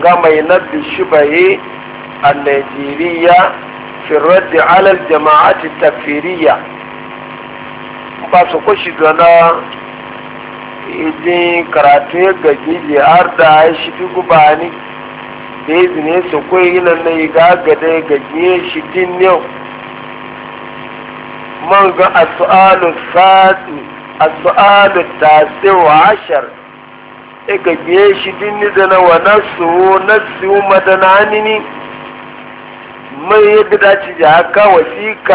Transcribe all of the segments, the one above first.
ga mai shi shubahe a najeriya firaddi alal jama'ati tafiriya ba su ko shiga na idin karatu ya gaji ji har da ya shi fi ni da ya zine su kwai yi nan na yi gagada ya gaji ya shi din yau man ga asu'alu ta asu'alu tasiru ashar E ka giye shi ni da na wa nasu nasu madana nini mai ya gida ci da haka wasika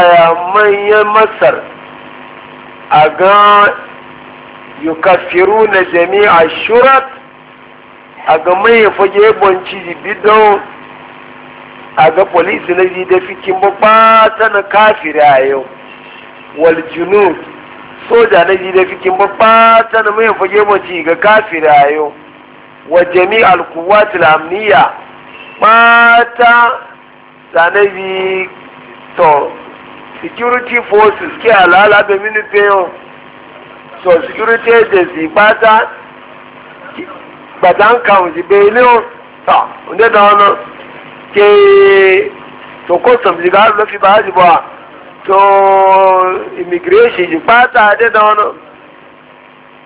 ya masar a ga yukafiru na jami'a shurat a ga manyan fage bonci bidon a ga polisi na ji da fikin ta na kafiri a yau wal junud soja na ji da fikin ba fata da mai fage mace ga kafira yau wa jami alkuwati lamniya fata da na ji to security forces ke alala da minufe yau so security agency fata gbàdán kàwọn ti bẹ ilé o ta ke to customs ga lọ fi bá a to immigration ji fata da da wani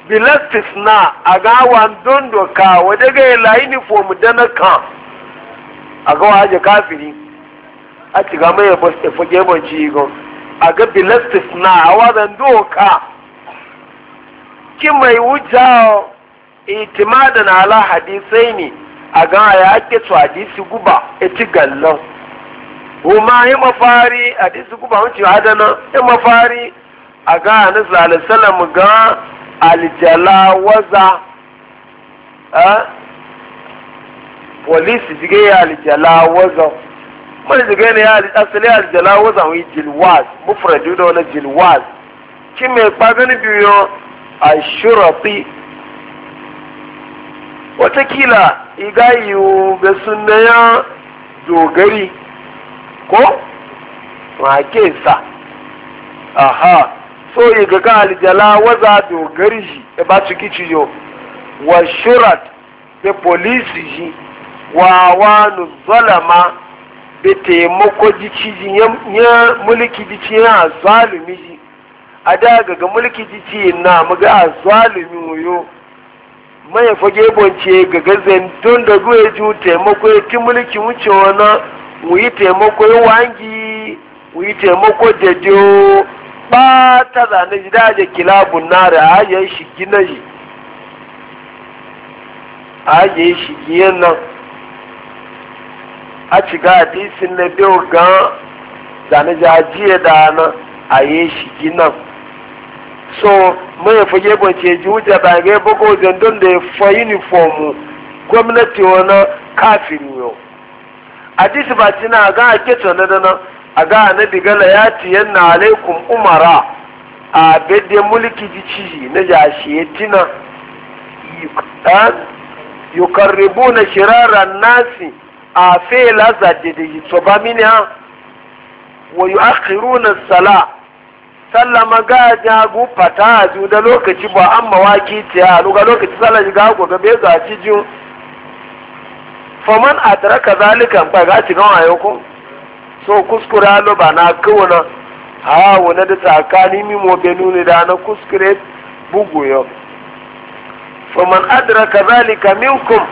bilastis na a awa don doka wadda ga yala uniform da na kan a ga waje kafiri a ci ga mai bas ta fage ban ci ga a ga bilastis na a wadan doka ki mai wuja itimadan ala hadisai ne a ga ya ake su hadisi guba e ci gallon Huma yi mafari a disu kuma wuce adana yi mafari a ga hannun salisalam ga waza a polisi jige ya waza mai jige ne ya asali waza wani jilwaz mufradu da wani jilwaz ki mai kpagani biyu a shurafi watakila igayi ga sunayen dogari ko ma ke sa aha so yi ga ka aljala waza dogari shi e ba su kici yo wa shurat be polisi shi wa wanu zalama be taimako jici ya mulki jici ya zalumi shi a da ga mulki jici na muga a zalumi wuyo mai fage bonce ga gazan don da ruwa ju taimako ya ti mulki wuce wani mu yi taimako wangi mu yi taimako dajo ba ta zane da daje kilabun nare a yayin shigi na yi a yayin shigi yan nan a shiga hadisin na biyu gan zane da ajiye da nan a yayin shigi nan so mai fage bance ji wuce da ga bugo jandon da ya fa uniform gwamnati wani kafin yau hadisi ba na ga ake tsone da nan a ga na gala ya tiyan na alaikum umara a bedde mulki jici na jashi ya tina yukarribu na shirarren nasi a fela zaje da yi to ba mini ha wa yu'akhiru na sala sallama ga jagu fata da lokaci ba an mawaki ta a lokaci sallah ga gobe ga cijin faman a tara ka zalika ba ga ci gan ayo ko so kuskura lo ba na ha da tsakani mi mo be nuni da na kuskure bugu yau faman adraka zalika minkum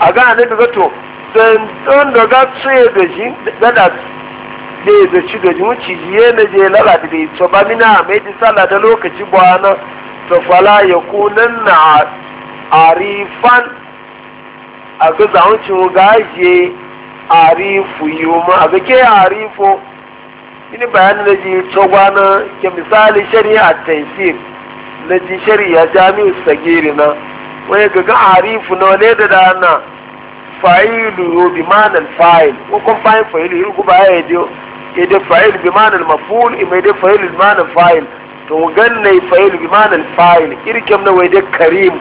aga ne daga to dan don da ga tsaye da shi da da da ya zaci da mu ci jiye na je da dai to ba mina mai ji sallah da lokaci bwana to fala yakunanna arifan a ga zahuncin gaje arifu yuma a ga ke arifu ini bayanin da ji togwa na ke misali shari'a taisir na ji shari'a jami'u sagiri na wani gaga arifu na wani da na fa'ilu yo bi manan fa'il ko kun fa'il fa'ilu yi ku baya ya diyo ya da fa'il bi manan maful ima da fa'il bi manan fa'il to gan ne fa'il bi manan fa'il irkem na wai da karim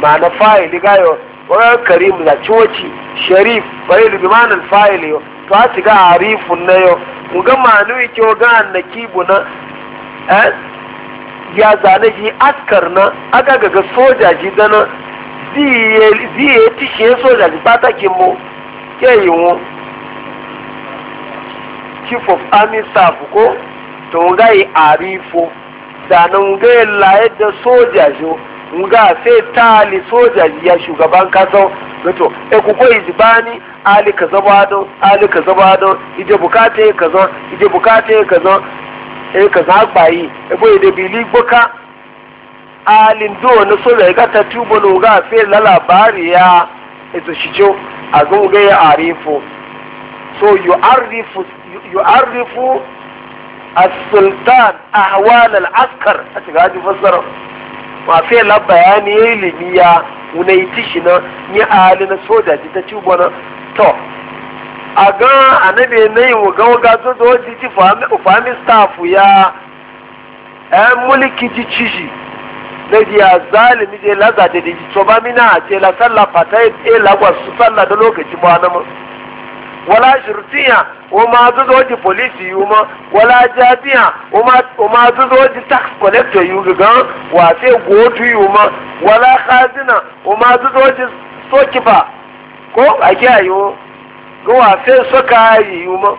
na fa'il ga yau wa karim da coci sharif fa'il bi manan fa'il yo to a tiga arifun na yo mu ga manu ke ga annakibu na eh ya zane askar na aga ga soja ji dana ziye ziye tishe soja ji bata mu ke yi mu of army ko to ga yi arifo da nan ga laye da soja jo nga sai tali soja ya shugaban kasau wato e ku koyi jibani ali kaza bado ali kaza bado ije bukate kaza ije bukate kaza eh, e kaza gbayi e boye de bili gboka Ali do na soja ga ta tubo no ga sai la labari ya eto shijo agun ga ya arifu so you arifu you arifu as-sultan ahwal al-askar a shiga ji fassara mafi yalla bayani ya ilimi ya wuna yi tishi na ni ali na soja ji ta ci bana to a ga anabi eh, na yi wuga wuga zo da wajen ji fami staff ya ɗan mulki ji cishi na ji zalimi je laza da ji to ba mina a ce la sallah fata ya e, e, lagwa su sallah da lokaci ba na mu. wala shurtiya o ma zuzo di polisi yu ma wala jatiya o ma zuzo di tax collector yu ga wa te gotu yu ma wala khazina o ma zuzo di sokifa ko ake ayo ga wa te soka yu ma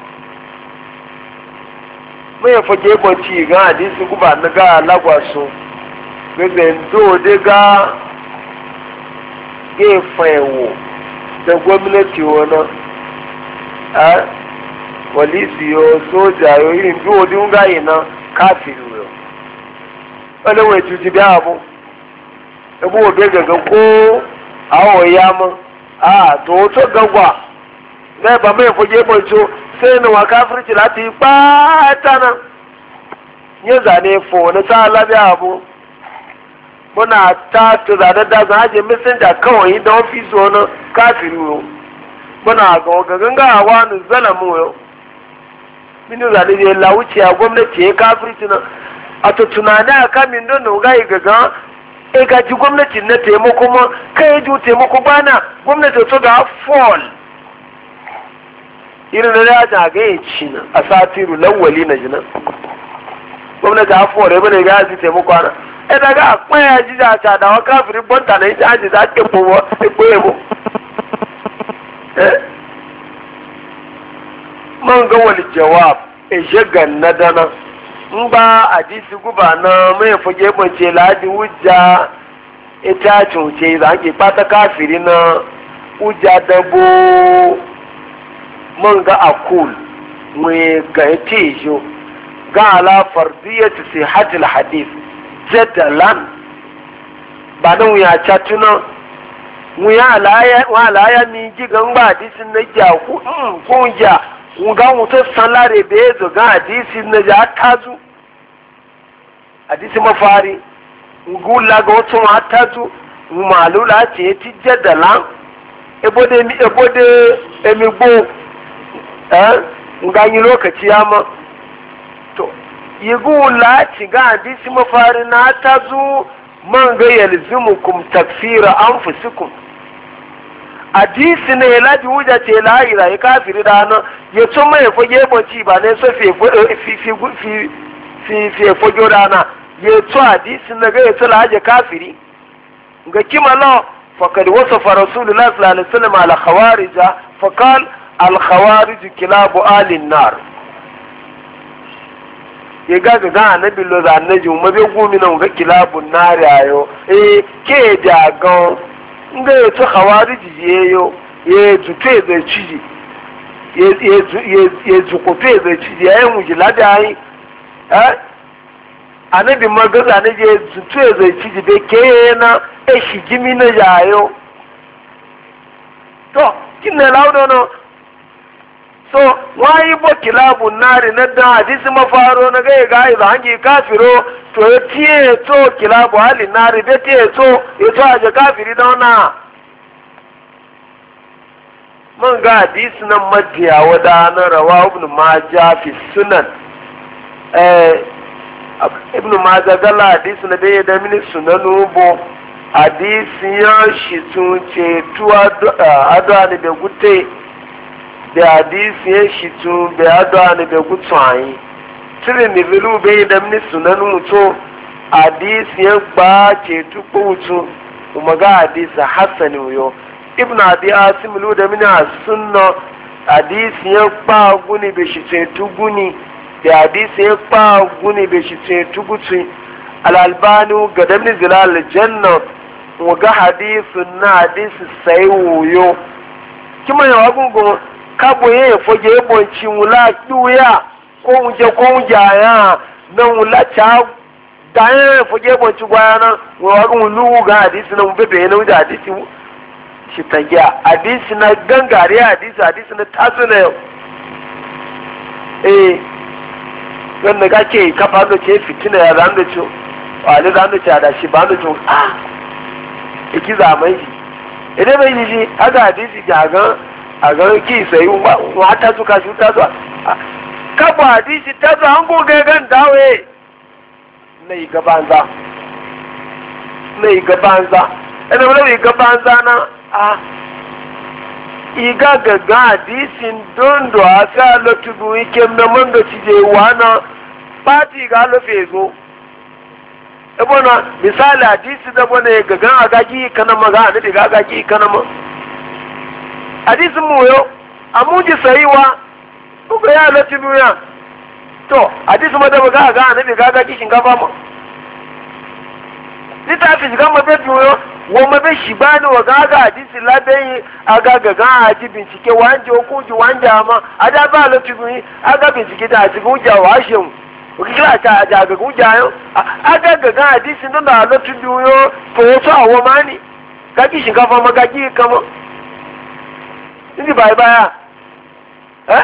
mai fage banci ga hadisi guba na ga lagwaso gbẹgbẹ ndo de ga gefen wo da gwamnati wani polisi yo soja yo irin odi n gayi na kafin yo ọlọ́wọ́ ètùtù bí ààbò ẹgbẹ́ òde kó àwọn ọ̀ya mọ́ àtòótọ́ gangwa lẹ́ẹ̀bà mẹ́fọ́jẹ́ na sẹ́yìn wọn káfíríkì láti pátánà yẹn zàní fò ní sáàlá bí ààbò bana ga gagan ga hawa nu zalamu yo minu zali je la wuce a gwamnati ya kafirci na a to tunani a kamin don ga yi gagan e ga ji gwamnati na taimako ma kai ji taimako bana gwamnati to ga fall irin da ta ga yi ci na a satiru lawali na jina gwamnati a fall bane ga ji taimako na e da ga kwaya ji da ta da wa kafiri bonta na ji aji za ta kebo wa kebo Eh? man ga jawab e jagan na dana in ba disi guba na mai e fage bance ladi wujja ita e cuce za ke fata kafiri na wujja dabo man ga akul mai ga e tejo ga ala fardiyatu sihhatil hadith jadalan ba nan ya catuna nwunye alaya n'iji ga mgba adịsi nne ji akwụ mkpụ mm, ji a nga nwụtụ salari ebe ezo ga adịsi nne ji atazu adịsi mafari nga ụla ga ụtụ m atazu ma alụla achị eti jedala ebode emigbo eh? nga nyere okachi ya ma igu ụla achị ga adịsi mafari na atazu ma nga yelizimukum tafira anfusikum hadisi ne laji wuja ce la ila ya kafiri da nan ya tun mai fage bace ba ne so fi eh, fi fi fi fi fi fage da nan ya to hadisi ne ga ya to laje kafiri ga kima fa kad wasafa rasulullah sallallahu alaihi wasallam ala khawarij fa faqal al khawarij kilabu ali nar ya ga ga annabi lo za annabi mu be gumi na ga kilabu nar ayo eh ke da gan nga ya tu khawariji ye yo ye tu pe chiji ye ye ye ye tu ko pe be chiji ye mu ji lada ai eh anabi magaza ne je tu chiji be na e shi gimi to kin na so wayi bo kilabu nari na da hadisi mafaro na ga ga idan hangi kafiro to ya tiye to kilabu hali nari da tiye to ya to aje kafiri da wana mun ga hadisi nan majiya wada na rawa ibn majah fi sunan eh ibn majah gala hadisi na bai da mini sunanu bo hadisi ya shi tun ce tuwa eh, adwa ne da gute da hadisi ya e shitu bai adwa ne bai gutu anyi tirin ni vilu bai da mini sunan mutu hadisi ya gba ce tukpo wutu kuma ga hadisi hassani wuyo ibn abi asim lu da mini sunna hadisi ya e gba guni bai shitu e guni da hadisi ya gba guni bai shitu tugutu al-albani ga da mini zilal janna wa ga hadisin na hadisi sai wuyo kima yawa gungun kabo ya fage bonci wula duya ko unje ko unja ya na wula cha daya ya fage bonci gwana na wawagin lu ga hadisi na mubebe na wuje hadisi shi ta giya hadisi na gangare hadisi hadisi na taso na yau eh dan ga ke kafa da ke fitina ya zan da ciwo wale zan da ciwo da shi ba da ciwo ah iki zamai shi idan bai yi shi haka hadisi jagan àgbẹ̀rẹ̀ kí ìsẹ̀yí wọn atásù kásù tásù kápọ̀ àdíṣì tásù à ń gún gẹ́gẹ́ ń dáwé na yi gabanza na yi gabanza ina wani yi gabanza na a iga gaga àdíṣì dondo àti àlọ́tùdù ike mẹ́mọ́ndò ti dé wa na pati ìgá ló fi ebona misali àdíṣì da na gaga agagi kanama ga ànídìgá kana kanama. hadisi muyo amuji sayiwa uga ya lati biya to hadisi ma da aga ga annabi ga ga kishin gafa mu litafi shiga mabe biyo wa mabe shi bani wa ga ga hadisi labe aga ga ga haji bincike wanje ko ji wanje ama ada ba lati biyo aga bincike da haji guja wa shemu kila ta ja aga guja yo aga ga ga hadisi don da lati biyo to so awon mani ga kishin gafa ma ga gi kama inji bai baya eh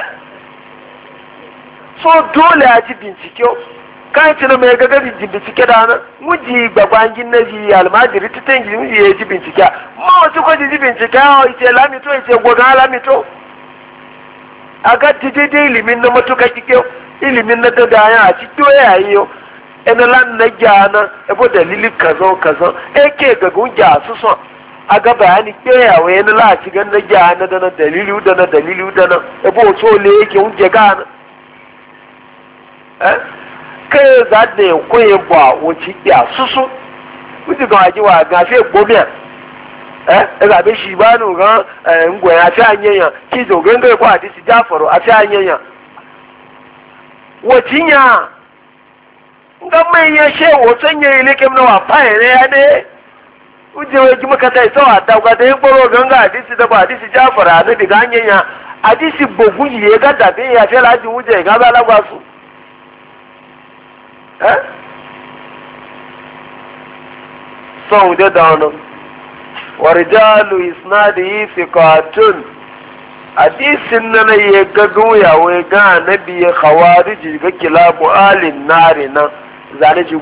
so dole a ji bincike kan ci na mai gaga ji bincike da nan muji gbagwangin na ji almajiri ta tangi muji ya ji bincike ma wasu ko ji bincike ah, ya ce lamito ya ce gogan lamito a ga ti daidai ilimin na matuka kike ilimin na dada ya a cikin ya yi yau ina lan na gyana ebo dalili kazo kazo eke gagun gya su son aga bayani ke ya waye na lashi gan na gya na dana dalili da na dalili da na ebo so le yake unje na eh kai za da ko ye ba wo ya susu wuti eh? ga ji wa ga fe gobe eh e be shi ba no ga ngwe a ta anyanya ki zo gan ga ko ati si jafaro a fi anyanya wo cinya ngam mai ya she wo sanye ile kem na wa pa ya. ujewe ki muka tai sawa ta ga dai boro ganga hadisi da ba hadisi jafara da diga anyanya hadisi bogu ye ga da be ya fela ji uje ga ba la gwasu eh so de dawno wa rijalu isnadi thiqatun hadisi nan ye ga goya we ga nabi ya khawariji ga kilabu alin narina nan zane ji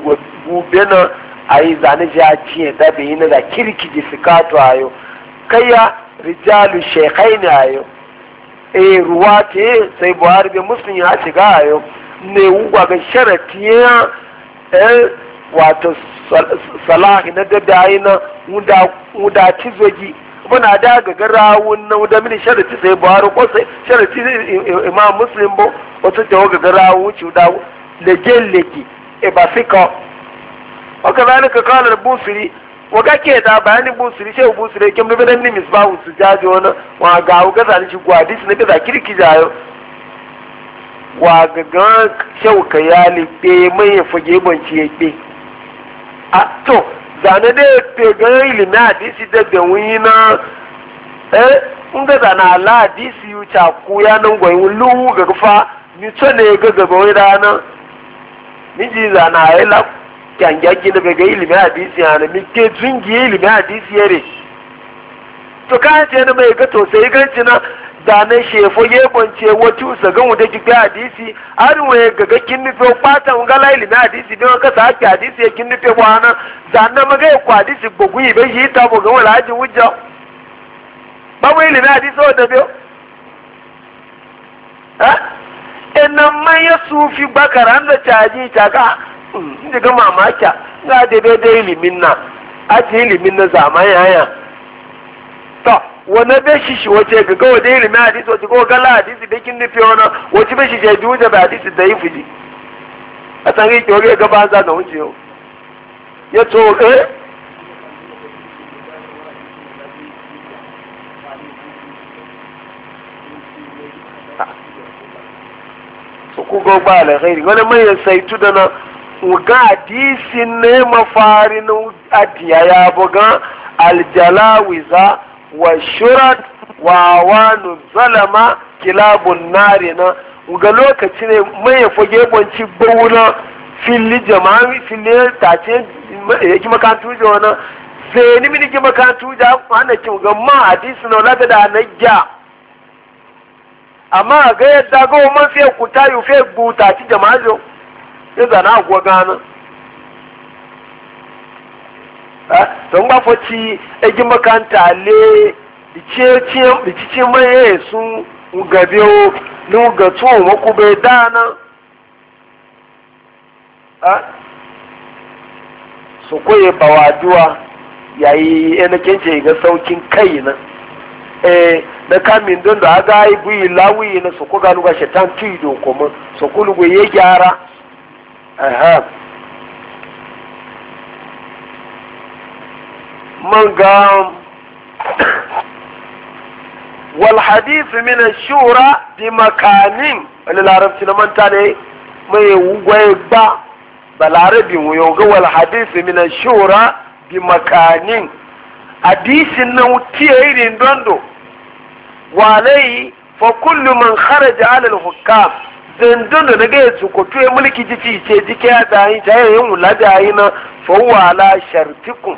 gobe na ayi zane ja ciye dabe yi na da kirkiji sikato ayo kayya rijalu shekai ne ayo e ruwa ce sai buhari bai muslim ya shiga ayo ne wugwa ga sharati ya e, wato salahi na dada ayi na wuda cizogi muna da ga garawun na wuda mini sharati sai buhari ko sai sharati imam muslim bo wata jawo ga garawun wuce wuda lege lege e ba وكذلك قال البوصري وكاكي دا بيان البوصري شيخ البوصري كم نبدا من مصباح السجاج وانا وغاو كذا نشي قواديس نبدا كيركي جايو وغاغان شيخ كيالي بي مي فجي بنشي بي أتو zane da ya gan ilimi hadisi da da na ga ala hadisi wuce na ya nan gwai wulu ga gaba n'iji zana na la kyangyaji da ga ilimi hadisi hana mi ke jingiye ilimin hadisi yare to ka ce na mai ga to sai ganci na da na shefo ye kwance wata usa gan wuda ki hadisi an waye ga ga kin nufe kwata mun la ilimi hadisi don ka sa hadisi ya kin nufe wana da na maga ku hadisi gugu ibe shi ta bo ga wala haji wujja ba mu ilimi hadisi o da biyo ha eh? enan ya sufi bakara an da caji caka. inda ga mamaki za a daidai ebe ilimin na eh? aji ilimin na zamani haya to wane be shi shi wace ga ilimin hadisi wace gawa gala bekin da kin nufi wani wace be shi da yi a san yi na ya to eh uga disin ne mafarin adiya ya buga aljalawiza wa shurat wa wanu zalama kilabun nari na uga lokaci ne mai fage bonci bauna fili jama'i fili tace ki makantu da wani sai ni mini ki makantu da ana ki ga ma hadisi na lada da na ya. amma ga yadda ga man fiye kuta yu fiye buta ci jama'a nígbà náà gbọ́ gan-an don ba faci egi makanta le rikici maye sun gabe o ni ga tuwon waku bai dana su koye bawaduwa yayi yana e kence ga saukin kai na eh da kamin don da aga ibu lawi na su kuga nuga shaitan tuyi dokoma su kulugu ya gyara I have. من قام والحديث من الشورى بمكان العرب لمن تاني ما يوغي با بالعربي ويوغي والحديث من الشورى بمكان حديث انه تيرين دوندو وعليه فكل من خرج على الحكام zendon da daga su ko ya mulki jiki ce jike ya dahi ta yayin wula dahi na fawwa ala shartikun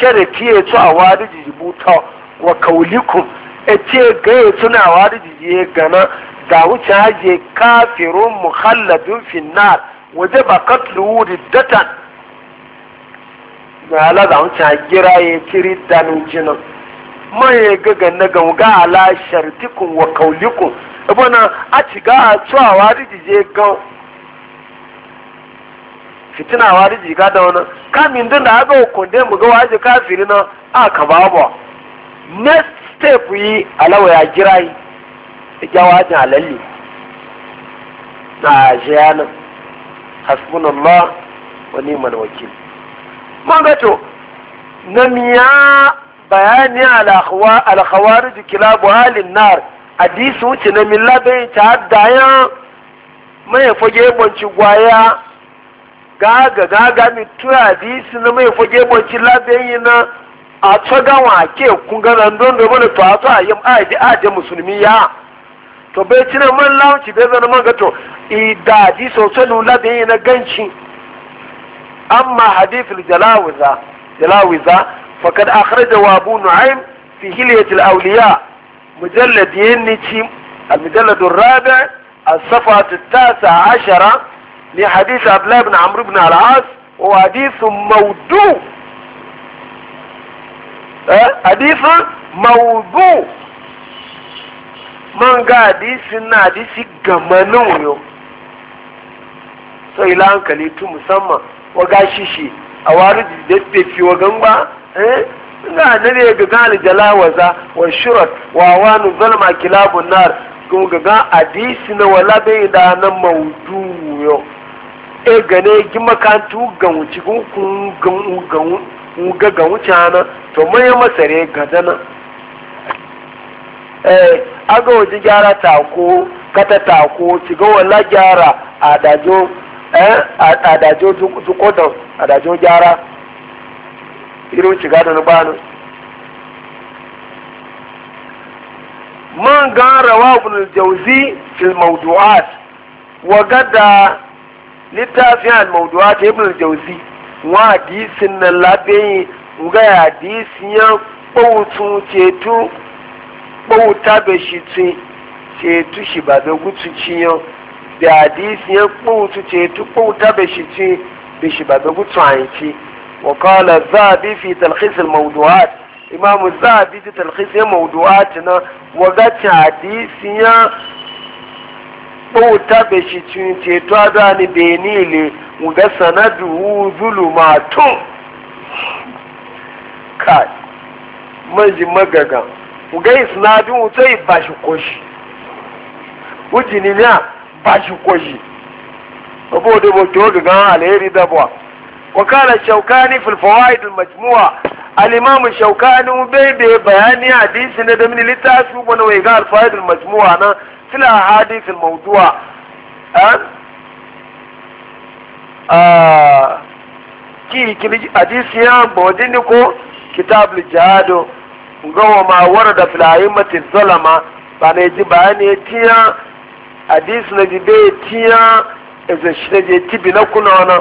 sharati ya tsu a wadi jibuta wa kaulikun e ce ga ya tuna a wadi jiye gana da wuce haje kafirun muhalladun finnar waje ba katlu riddatan na ala da wuce gira ya kiri danin jinan man ya gaga na gauga ala shartikun wa kaulikun ebona a ciga a tsuwa wari jije gan fitina wa jiga da wani kamin din da aka hukunde mu ga waje kafiri na a ka babu next step yi alawa ya jira yi e ya wajen alalli na jiyanin hasbunallah wa ni'mal wakil man gato na miya bayani al-khawarij kilabu halin nar hadisi wuce na millabe ta daya mai fage bonci gwaya gaga gaga mi tura hadisi na mai fage bonci labe na a tsagawa ke kun ga nan don da mana to a to ayyam aidi je musulmi ya to bai cina man launci bai zana man gato ida hadisi so labe na ganci amma hadithul jalawiza jalawiza faqad akhrajahu abu nu'aym fi hilyat al-awliya' مجلد ينتي المجلد الرابع الصفحة التاسعة عشرة لحديث عبد الله بن عمرو بن العاص وهو حديث موضوع حديث موضوع من قال حديث حديث جمانويو so ila hankali tu musamman wa gashi shi a wani da fi wa gamba eh ina ne ga gani jalawaza wa shurat wa wani zalma kilabun nar kuma ga gan na wala bai da na mauduyo e gane gi makantu ga wuci kun kun ga ga ga wuci ana to mai masare ga dana eh aga waje gyara ko kata ko ci ga wala gyara a dajo eh adajo e, a dajo gyara irin shiga da na bani man gan rawa ibn jauzi fil mawdu'at wa gada littafin al mawdu'at ibn jauzi wa hadisin na labeyi ga hadisin ya bautu cetu bauta be shi tun cetu shi ba da gutu ciyan da hadisin ya bautu cetu bauta be shi tun be shi ba da gutu ci. وقال الذهبي في تلخيص الموضوعات إمام الذهبي في تلخيص موضوعاتنا وقد حديثيا bauta bai shi ceto da ni beni ne ga sanadu zulumatun kai manji magaga ga isnadin wutai ba shi koshi wujini ne ba shi koshi abu da bauta ga gan alheri dabuwa وقال الشوكاني في الفوائد المجموعة الإمام الشوكاني بيبي بياني حديث ندى من اللي تاسو ونوي قال الفوائد المجموعة أنا في الأحاديث الموضوع أن آه كي كي حديث يام بودينكو كتاب الجهاد ngawa ma warada fil a'immati zalama bana ji bayani tiya hadis na jibe tiya ezashire je tibi na kuna wana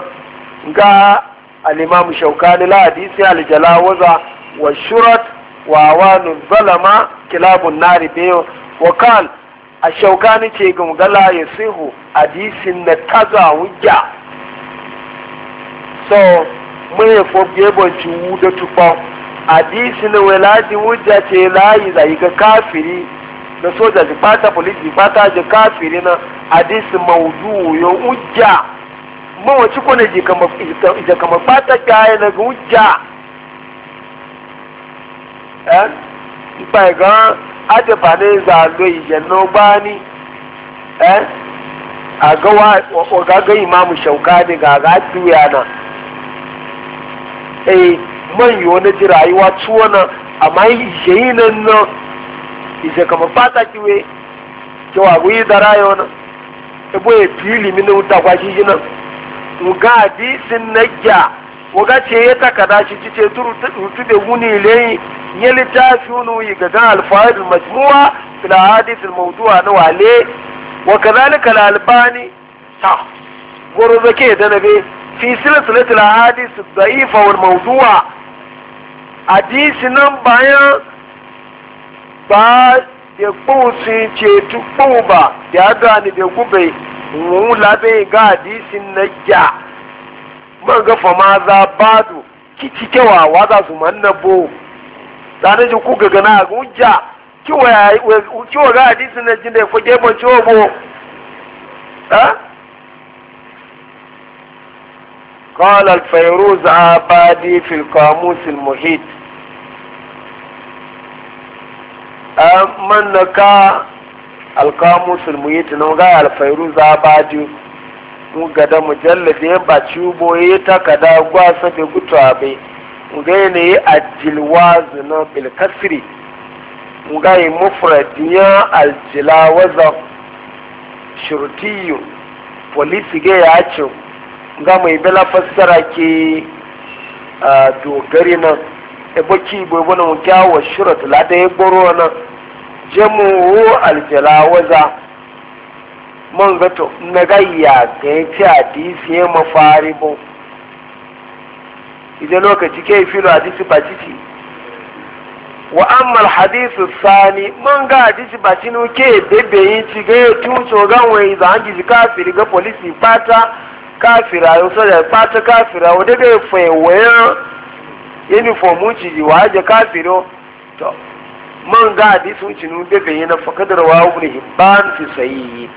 ga alimam shaukani la hadisi al-jalawaza wa shurat wa awanun zalama kilabun nari biyu wa kan a shaukani ce gala ya sihu hadisi na taza wujja so mun yi fogebon ciwu da tuba na weladi wujja ce layi zai ga kafiri da soja jipata polisi jipata ji kafiri na hadisi maudu ya wujja mawaci kone je kama fata kyaye na ga wujja eh ipa ga ade ba ne za lo ije no ba ni eh aga wa o ga ga imamu shaukani ga ga tuya na eh man yo ne ji rayuwa tuwa na amma ije yi nan no ije kama fata kiwe cewa guyi da rayuwa na ebo e fili mini wuta kwa shi uga hadisin nagya uga ce ya takada shi ci ce turutu da wuni layi ya littafi wuni ga gan alfahadul majmuwa fil hadisul mawdu'a na wale wa kazalika al ta goro zake da nabe fi silsilatul ahadith ad-da'ifa wal mawdu'a hadisi nan bayan ba ya kpọsi ce tukpọ ba ya gani da gube mu labe ga hadisin na ja man ga fama za badu kici kewa wa za su manna bo sanin ji ku gaga na gunja kiwa ya kiwa ga hadisin na jin da fage ban ciwo bo ha قال الفيروز عبادي في القاموس المحيط من نكا alkamu sulmuyi no ga alfairu za baju mu gada mujallad ya ba cibo ya kada gwa safe gutuwa bai mu ga ne ya ajilwazu na bilkasri mu ga yi mufradiya aljilawaza shurtiyu polisi ga ya ce ga mai bela fassara ke dogari nan ebo ki bo ibo e na mu kyawo shurat la ya gboro nan jamuhu alfilawaza man gato na gayya ta ya ce hadisi ya mafari bu idan lokaci ke filo hadisi ba ciki wa amma hadisu sani man ga hadisi ba cinu ke bebe yi ci ga ya tuso gan wai za an gizi kafiri ga polisi pata kafira yau soja pata kafira wadda ga ya fayewayen uniform wuce ji wa haje kafiro to man ga hadisi wuce nu daga yi yana fakadar wa ibn hibban fi sahihi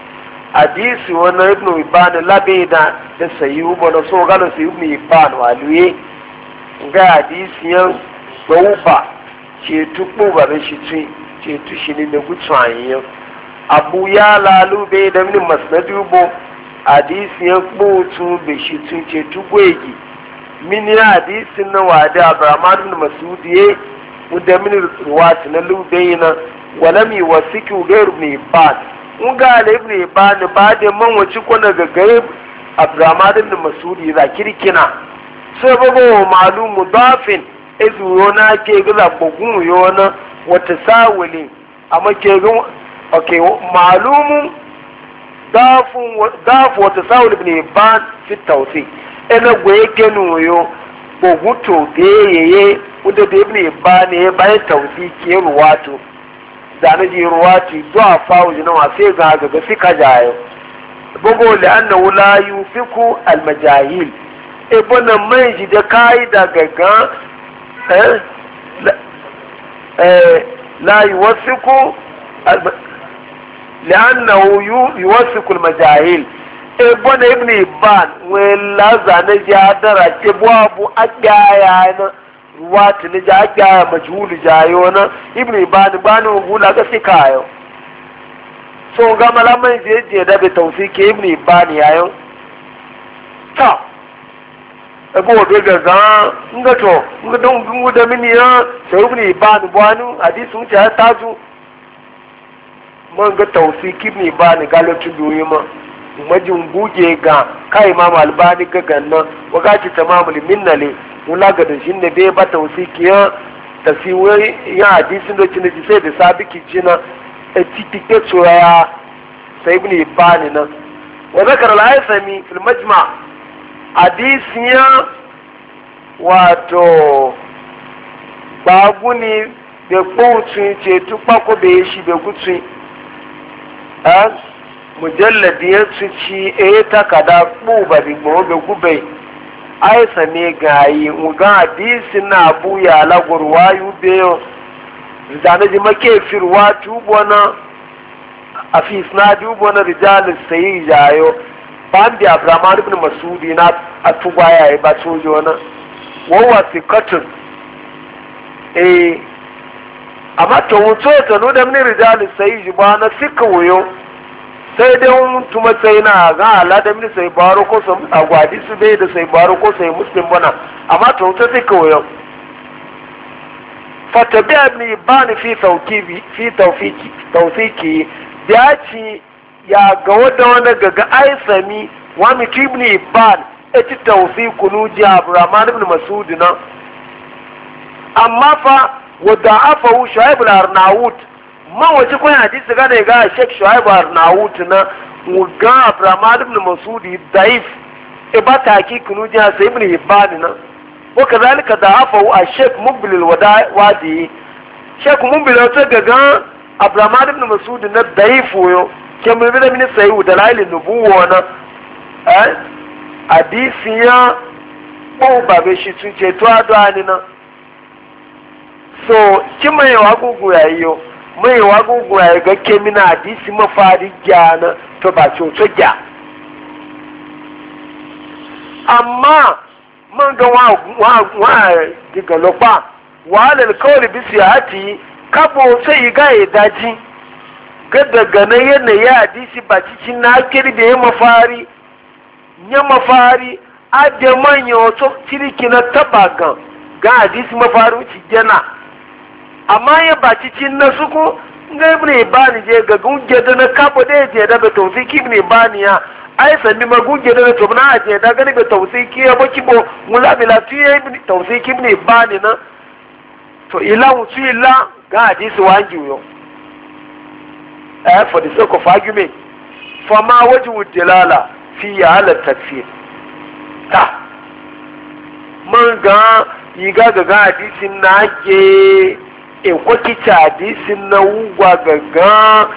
hadisi wannan ibn hibban labe da da sahihu bana so galo sai ibn hibban waluye ga hadisi yan gauba ce tukpo ba da shi ce ce tu shi ne da gutsayin abu ya lalu bai da min masnadu bo hadisi yan kpotu bai shi tun ce tukpo egi min ya hadisin na wa da abrahman ibn masudi mudamin ruwati na na walam yi wa siku gairu mai ban in ga alaibri ba ni ba da man wace kwana ga gaib abdurrahmanin da masudi za kirkina sai bago wa malumu dafin izuro na ke gaza bugun yona wata sawule amma ke gan okay malumu dafun dafu wata sawule ne ban fi tausi ina gwaye kenuyo buguto da yayeye wanda da ibn ne ya bayan tausi ke ruwatu da na ji ruwato du'a fawo jina wa sai ga ga fi ka jayo bugo li annahu la yufiku al majahil ibn mai ji da kai da gaga eh la yufiku al لأنه يوثق المجاهيل ابن ابن إبان ولا زانا جادرة ابواب أجايانا wati ni ja kya majhul jayo na ibn ibn bani gula ga sikayo so ga malama je je da be tawfiki ibn ibn yayo ta ebo odo ga ga nga to nga don gungu da mini ya sai ibn ibn bani hadisu ta taju man ga tawfiki ibn ibn ga lotu biyo ma majin buge ga kai imam albani ga ganna wakati tamamul minnale wula ga da shinne be ba tawsikiya tasiwe ya hadisin da cin sai da sabiki jina a e ke tsoraya sai ibn ibani nan wa zakar al-aisami fil majma ya wato baguni da kowucin ce tukpa ko bai shi bai gutsin mujalladi ya ci e takada buba bi be gube aisa ne gayi nga hadisi na abu ya lagor wayu yo zane ji make firwa tubo na a fi sinadi ubo na rijalis sayi jayo bandi abdurrahman ibn masudi na atuba ya yi ba jo na wawa sikatun e eh, amma to wuto to no da mini rijalis sai ba na sika yo sai dai tuma sai na ga ala da mini sai baro ko sai agwadi su bai da sai baro ko sai muslim bana amma to ta sai koyo fatabi ibn ban fi tawkibi fi tawfiki tawfiki ya ci ya ga wanda wanda ga ga ai sami wa mi ibn ban eti tawfiku nu ji abdurrahman ibn masud na amma fa wadda da'afahu shaib al-arnaut mawaci kun hadisi ga da ga Sheikh Shuaib Arnaut na ga Abraham ibn Masudi daif e ba ta ki kunu ja sai ibn Hibban na wa kazalika da afa wa Sheikh Mubil al-Wadi Sheikh Mubil ta ga ga Abraham ibn Masudi na daif yo ke mun bi ne sai u dalailin nubuwa na eh hadisi ya ko babe shi tun ce to adani na so kimayewa gugu yayi yo mai gura ya ga kemina hadisi mafari gyana to ba coco gya amma man ga wa diga lokpa wa alal kawai ya hati kabo sai iga ya daji ga daga na ya hadisi ba cikin na kirbe ya mafari ya mafari a da manya wato ciriki na taba gan ga hadisi mafari wuce jana amma ya ba cikin na suku ga ibn ibani je ga gunge da na kabo da je da tawfiki ibn ibani ya ai sami ma gunge da to na je da ga ga tawfiki ya baki bo mula bila tiye ibn tawfiki ibn ibani na to ila mu ti ila ga hadisi wangi yo eh for the sake of argument fa ma wajhu dilala fi ya ala tafsir ta man ga yi ga ga hadisin na ke ikwaki cadisin na wugwa gangan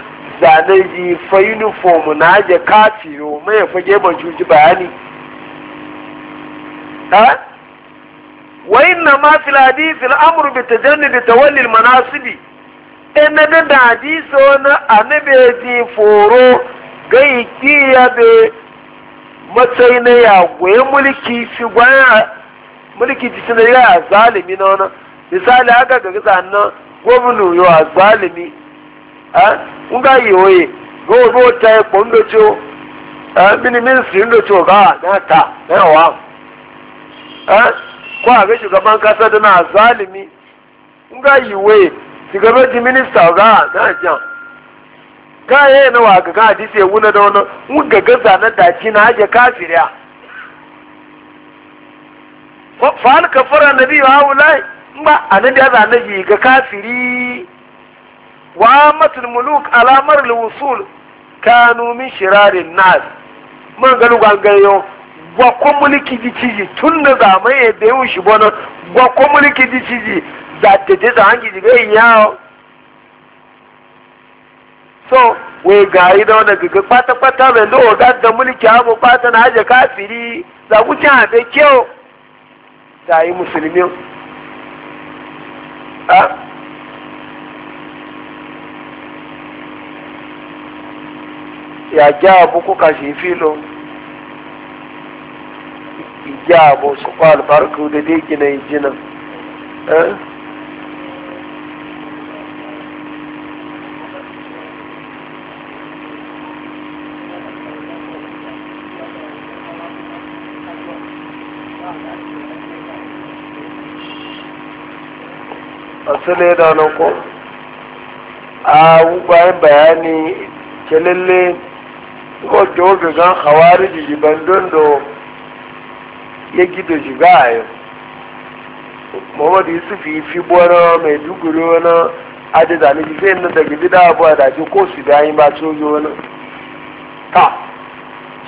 zane ji fa uniform na aje kati yo mai fa geban juji bayani ha wa inna ma fil hadith al amru bi tajannub tawalli al manasibi in da da hadiso na anabe ji foro gai kiya be matsayi na ya goye mulki shi gwaya mulki ji ya zalimi na wannan misali haka ga kisa nan gwamnu yau a zalimi a nga yi oye gobe ta yi kpon da ciwo a mini ministry da ciwo ga na ta na yawa a ko a ga shugaban kasa da na zalimi nga yi oye shugaban ji minista ga na jan ga yi na wa ga ga hadisi ya wuna da wani nga gaza na daci na aje kafiriya fa alkafara nabi wa haulai ma annabi na zane ga kafiri wa matul muluk alamar wusul kanu min shirarin nas man galu gangayo wa ko mulki di ciji tun da zaman ya da shi bona wa ko mulki di ciji za ta ta hangi diga yawo so we gayi da wani gaga kwata kwata mai da ga da mulki abu kwata na haje kafiri za ku ci hafe kyau ta yi musulmi yajabu kukazi ifilo ijabu sukwalu parukudedijina ijina eh? sule da wani ko a bayan bayani ke lalle ko to gagan hawari jiji bandon dondo ya gido shiga a yau muhammadu yusuf yi fi bora mai duguri wani adida ne jife na daga gida abuwa da ji ko su da yi ba sojo wani ta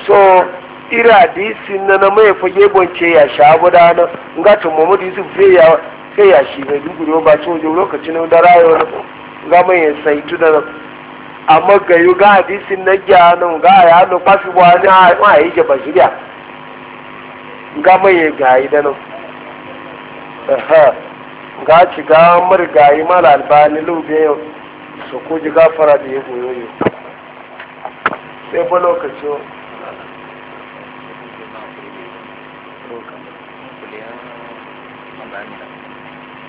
so ira di sin na na mai fage bonce ya sha abu da na ngatun muhammadu yusuf zai yawa kai ya shi mai duguri ba ci wajen lokacin na da rayuwa ga gama ya sai tu da amma ga yu ga hadisin na gya nan ga ya no fafi wa ni a yi ke bashiriya ga mai ya gayi da nan ga ci ga gayi mala albani lobe yau su ko ji gafara da ya goyo yau sai ba lokacin Thank you.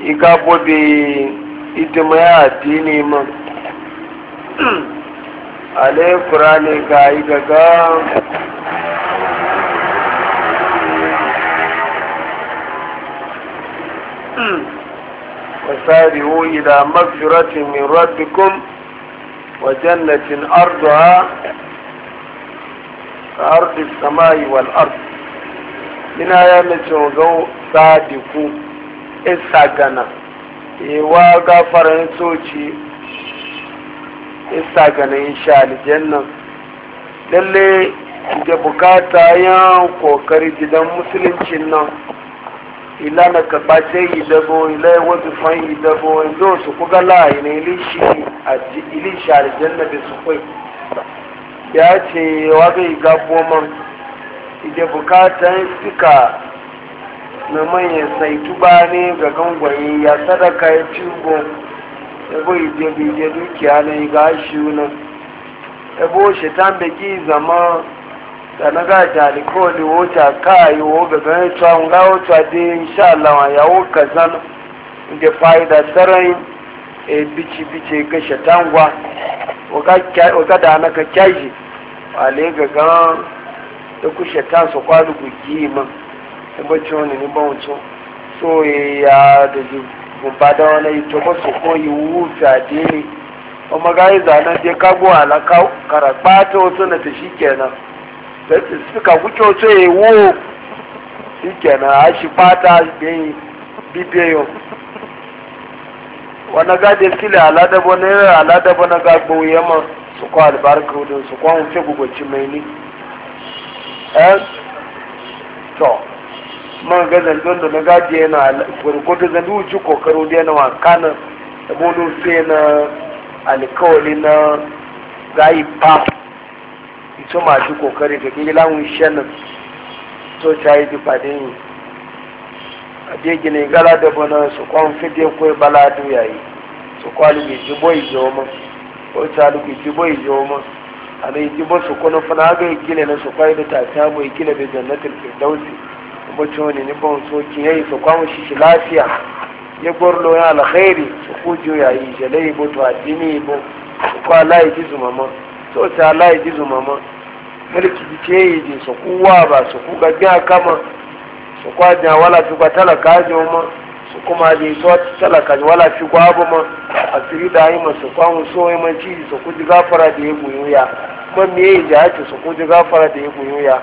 iga bobe idima ya dini man ale kurani e ga yi gaga وسارعوا إلى مغفرة من ربكم وجنة أرضها كأرض السماء والأرض من آيات جو صادقون isa gana ewa gafarin soci isa gana insha aljanna lalle da bukata ya kokari gidan musulunci nan ila na kaba sai yi dabo ila yi wasu fan yi dabo ido su kuga layi na ilishi aljanna da su kwai ya ce wa ga gabo man ide bukata suka na manyan saitu ba ne ga gangwaye ya sadaka ya cibo ebo ijebije dukiya na iga shi nan ebo shetan da ki zama da na ga jaliko da ka yi wo ga ganin tuwa ga wata da insha Allah wa yawo kazan da fa'ida sarai e bici bici ga shetan gwa o ga da na ka kyaji ale ga gan da ku shetan su kwalu ku gi min bacci wani ni ba wucin so ya da ji gumba da wani yi tomo su ko yi wuce a dini o jẹ́ kágbó je kàrà pàtó karaba ta tẹ̀sí kẹ̀nà tẹ̀sí shi kenan ta suka wuce wasu ya yi wo shi kenan a shi fata bin bibiyo wani gadi sile aladabo na yi aladabo na gagbo yamma su kwa albarka wudin su kwa man ga zandon da na gaji yana gwargwado zandu wuce kokaro da yana wakana da bodo sai na alkawali na gayi pa ito ma kokari ga gini lamun shanin to ta yi difadin yi a je gini gala da bana su kwan fide kwai bala yayi su kwali mai jibo ijo ma ko ta lugu jibo ijo ma a mai jibo su kwanu fana ga ikile na su kwai da ta samu ikile da jannatin firdausi bacci ne ni bawon soki ya yi su kwamu shi shi lafiya ya gwarlo ya alkhairi su kujo ya yi jalai bo to addini bo su kwa layi ji zumama so ta layi ji zumama mulki ji ce yi ji su kuwa ba su ku ga biya kama su kwa jan wala fi kwa talaka ji ma su kuma ji so talaka ji wala fi kwa abu ma a da yi ma su kwamu so yi ma ci su kuji gafara da ya goyo ya kuma me ya yi ji haki su kuji gafara da ya goyo ya